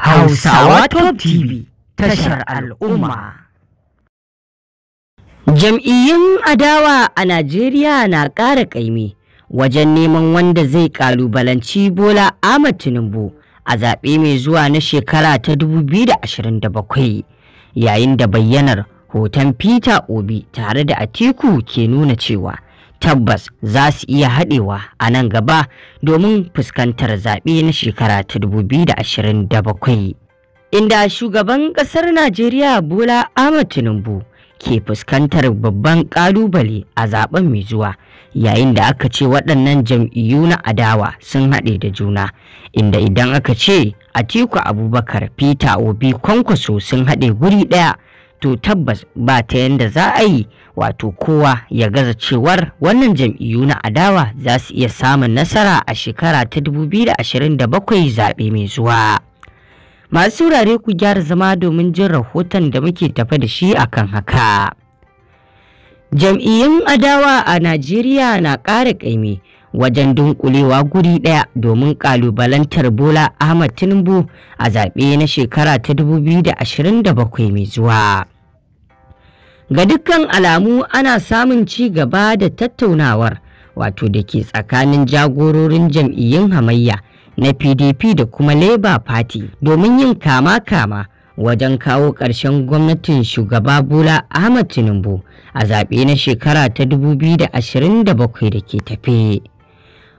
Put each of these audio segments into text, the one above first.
Hausawa Top TV tashar al'umma. Jam'iyyun adawa a Najeriya na ƙara ƙaimi wajen neman wanda zai ƙalubalanci Bola Ahmad Tinubu a zaɓe mai zuwa na shekara ta 2027 yayin da bayyanar hoton Peter Obi tare da Atiku ke nuna cewa tabbas za su iya haɗewa a nan gaba domin fuskantar zaɓe na shekara ta 2027 inda shugaban ƙasar najeriya bola ahmad tinubu ke fuskantar babban ƙalubale a zaben mai zuwa yayin da aka ce waɗannan jam'iyyu na adawa sun haɗe da juna inda idan aka ce atiku abubakar peter obi kwankwaso sun haɗe guri ɗaya to tabbas ba ta yadda za a yi wato kowa ya gaza cewar wannan jam'iyyu na adawa za su iya samun nasara a shekara ta 2027 zaɓe mai zuwa. Masu wurare ku gyara zama domin jin rahoton da muke tafa da shi akan haka. Jam'iyyun adawa a Najeriya na ƙara ƙaimi. wajen dunkulewa guri ɗaya domin ƙalubalantar Bola Ahmad Tinubu a zaɓe na shekara ta 2027 mai zuwa. Ga dukkan alamu ana samun ci gaba da tattaunawar wato da ke tsakanin jagororin jam'iyyun hamayya na PDP da kuma Labour Party domin yin kama-kama. wajen kawo ƙarshen gwamnatin shugaba Bola Ahmad Tinubu a zaɓe na shekara ta 2027 da ke tafe.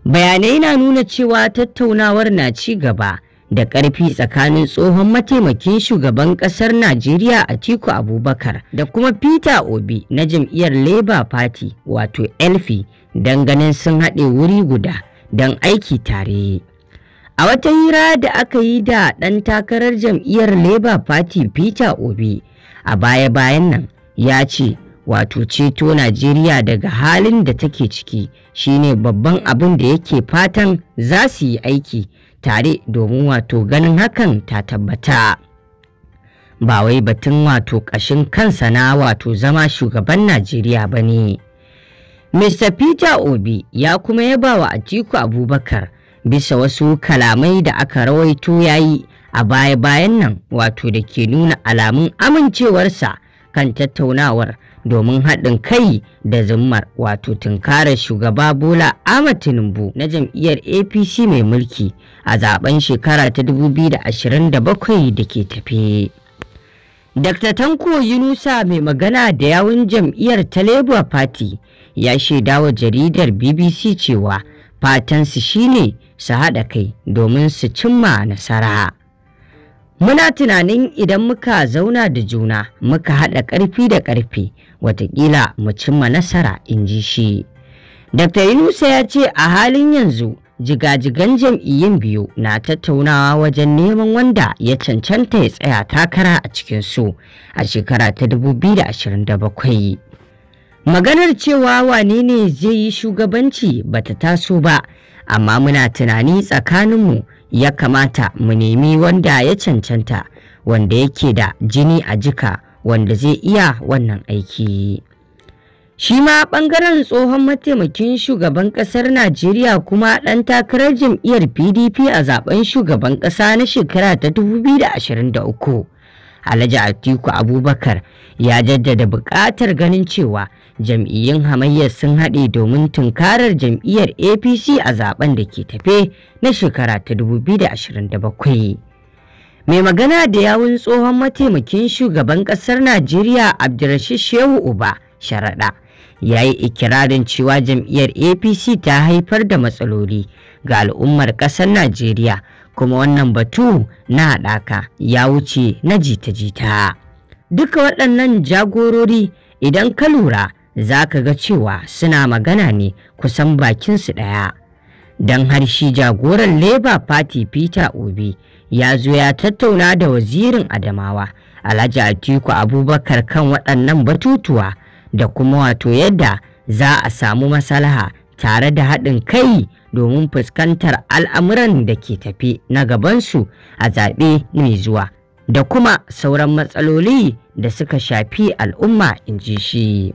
bayanai na nuna cewa tattaunawar na ci gaba da ƙarfi tsakanin tsohon mataimakin shugaban ƙasar najeriya a Tiku abubakar da kuma peter obi na jam'iyyar labour party wato elfi don ganin sun haɗe wuri guda don aiki tare a wata hira da aka yi da ɗan takarar jam'iyyar labour party peter obi a baya-bayan nan ya ce wato ceto Najeriya daga halin da take ciki shine babban abin da yake fatan za su yi aiki tare domin wato ganin hakan ta tabbata. Ba wai batun wato ƙashin kansa na wato zama shugaban Najeriya ba ne. Mr. Peter Obi ya kuma yaba wa Atiku Abubakar bisa wasu kalamai da aka rawaito ya yi a baya-bayan nan wato da ke nuna alamun amincewarsa kan tattaunawar domin haɗin kai da zummar wato tunkarar shugaba bola ahmad tinubu na jam'iyyar apc mai mulki a zaben shekara ta 2027 da ke tafe dr tanko yunusa mai magana da yawun jam'iyyar ta labour party ya shaidawa jaridar bbc cewa fatansu shine su haɗa kai domin su cimma nasara Muna tunanin idan muka zauna da juna muka haɗa ƙarfi da ƙarfi watakila mu cimma nasara in ji shi. Dr. Yunusa ya ce a halin yanzu jigajigan jam'iyyun biyu na tattaunawa wajen neman wanda ya cancanta ya tsaya takara a cikinsu, a shekara ta 2027. Maganar cewa wane ne zai yi shugabanci bata taso ba, amma muna tunani tsakaninmu ya kamata mu nemi wanda ya cancanta wanda yake da jini a jika wanda zai iya wannan aiki shi ma ɓangaren tsohon mataimakin shugaban ƙasar najeriya kuma ɗan takarar jam'iyyar pdp a zaben shugaban ƙasa na shekara ta 2023 alhaji atiku abubakar ya jaddada buƙatar ganin cewa jam'iyyun hamayyar sun haɗe domin tunkarar jam'iyyar apc a zaben da ke tafe na shekara ta 2027 mai magana da yawun tsohon mataimakin shugaban ƙasar najeriya abdulrashid shehu uba sharaɗa ya yi ikirarin cewa jam'iyyar apc ta haifar da matsaloli ga al'ummar ƙasar najeriya kuma wannan batu na haɗaka ya wuce na jita-jita duka waɗannan jagorori idan ka lura za ka ga cewa suna magana ne kusan bakinsu ɗaya. Don harshe jagoran Labour Party Peter Obi ya zo ya tattauna da wazirin Adamawa Alhaji Atiku Abubakar kan waɗannan batutuwa da kuma wato yadda za a samu masalaha tare da haɗin kai domin fuskantar al'amuran da ke tafi na gabansu a zaɓe mai zuwa da kuma sauran matsaloli da suka shafi al'umma in ji shi.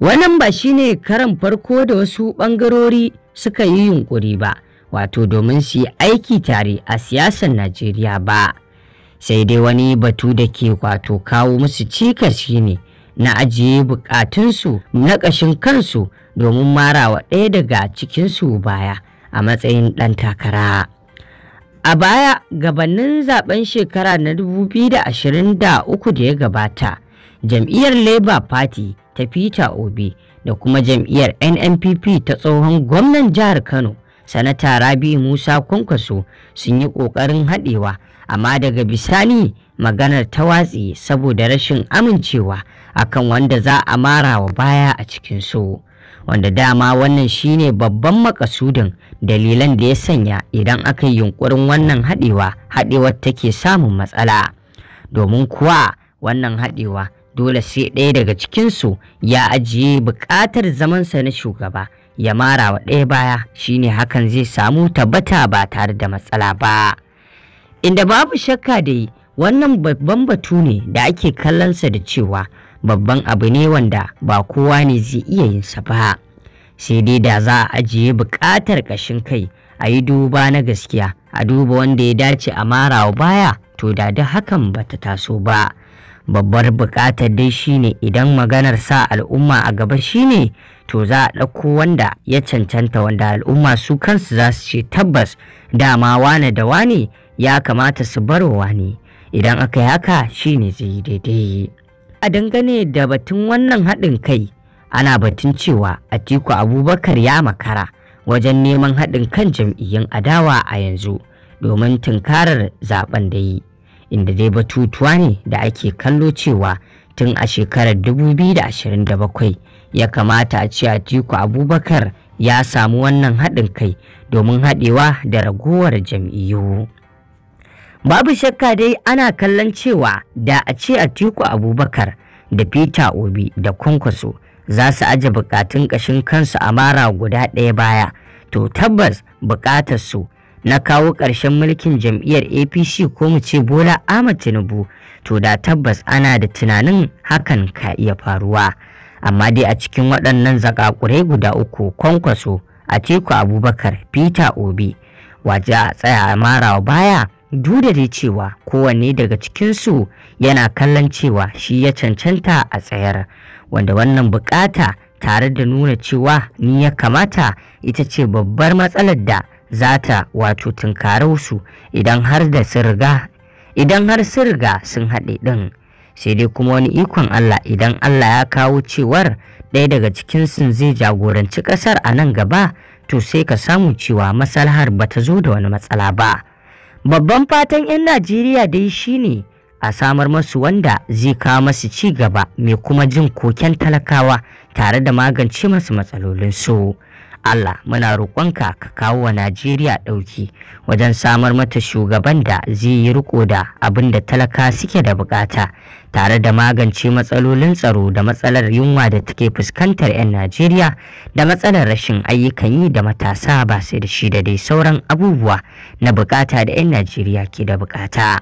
Wannan ba shi ne karan farko da wasu ɓangarori suka yi yunƙuri ba, wato domin su yi aiki tare a siyasar Najeriya ba. Sai dai wani batu da ke wato kawo musu cikas shi ne na ajiye bukatunsu na ƙashin kansu domin marawa ɗaya daga cikinsu baya a matsayin ɗan takara. A baya gabanin zaben shekara na 2023 da ya gabata, jam'iyyar Labour Party ta Peter Obi da kuma jam'iyyar NNPP ta tsohon gwamnan jihar Kano, Sanata Rabi Musa Kwankwaso sun yi ƙoƙarin haɗewa, amma daga bisani maganar ta watsi saboda rashin amincewa akan wanda za a mara wa baya a cikin so. Wanda dama wannan shine babban makasudin dalilan da ya sanya idan aka yi yunkurin wannan haɗewa, haɗewar take samun matsala. Domin kuwa wannan haɗewa dole sai ɗaya daga cikinsu ya ajiye buƙatar zamansa na shugaba ya mara wa ɗaya baya shine hakan zai samu tabbata ba tare da matsala ba inda babu shakka da wannan babban batu ne da ake kallonsa da cewa babban abu ne wanda ba kowa ne zai iya yinsa ba sai dai da za a ajiye buƙatar ƙashin kai a yi duba na gaskiya a duba wanda ya dace a marawa baya to da duk hakan ba ta taso ba babbar buƙatar dai shine idan maganar sa al'umma a gaba shine to za a ɗauko wanda ya cancanta wanda al'umma su kansu za su ce tabbas dama wane da wane ya kamata su wa wane idan aka yi haka shine zai yi daidai a dangane da batun wannan haɗin kai ana batun cewa atiku abubakar ya makara wajen neman haɗin kan jam'iyyun adawa a yanzu domin tunkarar zaben da yi inda dai batutuwa ne da ake kallo cewa tun a shekarar 2027 ya kamata a ce Atiku Abubakar ya samu wannan haɗin kai domin haɗewa da ragowar jam'iyyu. Babu shakka dai ana kallon cewa da a ce Atiku Abubakar da Peter Obi da Kwankwaso za su aje bukatun ƙashin kansu a mara guda ɗaya baya to tabbas su. na kawo ƙarshen mulkin jam'iyyar apc ko mu ce bola ahmad tinubu to da tabbas ana da tunanin hakan ka iya faruwa amma dai a cikin waɗannan zakakurai guda uku kwankwaso a teku abubakar peter obi waje a tsaya mara marawa baya duda dai cewa kowanne daga cikinsu yana kallon cewa shi ya cancanta a tsayar wanda wannan bukata tare da nuna cewa ni ya kamata ita ce babbar matsalar da za ta wato tunkararsu idan har da sirga idan har sun sun haɗe ɗin sai dai kuma wani ikon Allah idan Allah ya kawo cewar ɗaya daga cikinsu zai jagoranci ƙasar a nan gaba to sai ka samu cewa masalahar ba ta zo da wani matsala ba babban fatan 'yan najeriya dai shine a samar masu wanda zai kawo masu ci gaba mai kuma jin koken talakawa tare da magance masu matsalolinsu. Allah muna roƙonka ka kawo wa Najeriya ɗauki wajen samar mata shugaban da zai yi riko da abin da talaka suke da buƙata tare da magance matsalolin tsaro da matsalar yunwa da take fuskantar 'yan Najeriya da matsalar rashin ayyukan yi da matasa ba sai da shi da dai sauran abubuwa na bukata da 'yan Najeriya ke da bukata.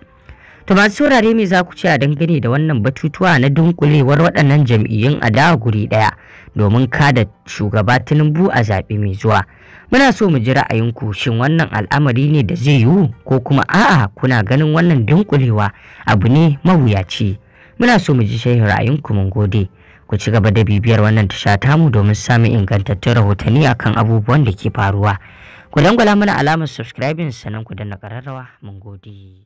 To masu saurare me za ku ce a dangane da wannan batutuwa na dunkulewar waɗannan jam'iyyun a guri ɗaya? domin kada shugaba tinubu a zaɓe mai zuwa muna so mu ji ra'ayinku shin wannan al'amari ne da zai yiwu ko kuma a'a kuna ganin wannan dunkulewa abu ne mawuyaci muna so mu ji shehin ra'ayinku mun gode ku ci gaba da bibiyar wannan tasha mu domin samun ingantattun rahotanni akan abubuwan da ke faruwa ku dangwala mana alamar subscribing sannan ku danna ƙararrawa mun gode